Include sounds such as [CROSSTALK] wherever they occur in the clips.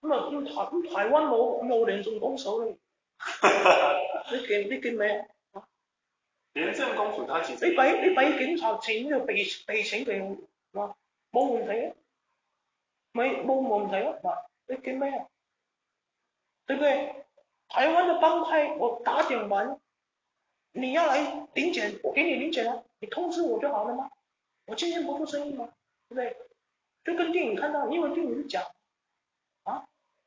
咁啊，台咁台灣冇冇廉政幫手咧？ [LAUGHS] 你給姐姐你見咩啊？廉政公署睇你俾你給警察錢就避避給避好，嗱，冇問題啊，咪冇冇問題咯、啊，你給咩啊？對不對？台灣的幫派我打點完，你要來領錢，我給你領錢啊？你通知我就好了嘛，我今天不做生意嗎，對不對？就跟電影看到、啊，因為電影講。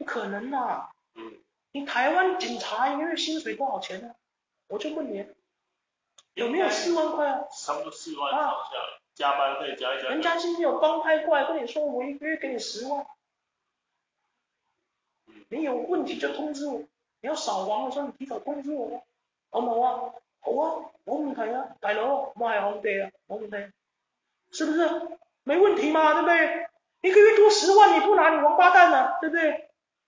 不可能呐、啊！你台灣警察一個月薪水多少錢呢、啊？我就問你，有沒有四萬塊啊？差不多四萬加班費加一下。人家今天有幫派過來跟你說，我一個月給你十萬、嗯。你有問題就通知我，你要少玩我說你提早通知我，好唔好啊？好啊，冇問題啊，大佬冇係好地啊，冇問題，是不是？沒問題嘛，對不對？一個月多十萬你不拿，你王八蛋啊，對不對？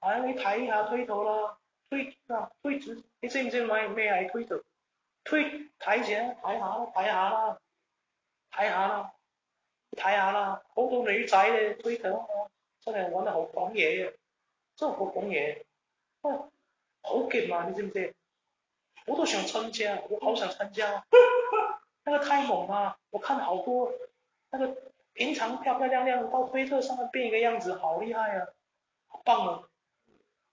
唉、啊，你睇下推特啦，推，推啊，推主，你知唔知咩咩係推特？推睇住啊，睇下咯，睇下啦，睇下啦，睇下啦，好多女仔嘅推特啊，真係玩得好狂野嘅，真係好狂野，嗯、啊，好勁啊！你知唔知？我都想參加，我好想參加，呵呵那個太猛啦！我睇好多，那個平常漂漂亮亮的，到推特上面變一個樣子，好厲害啊，好棒啊！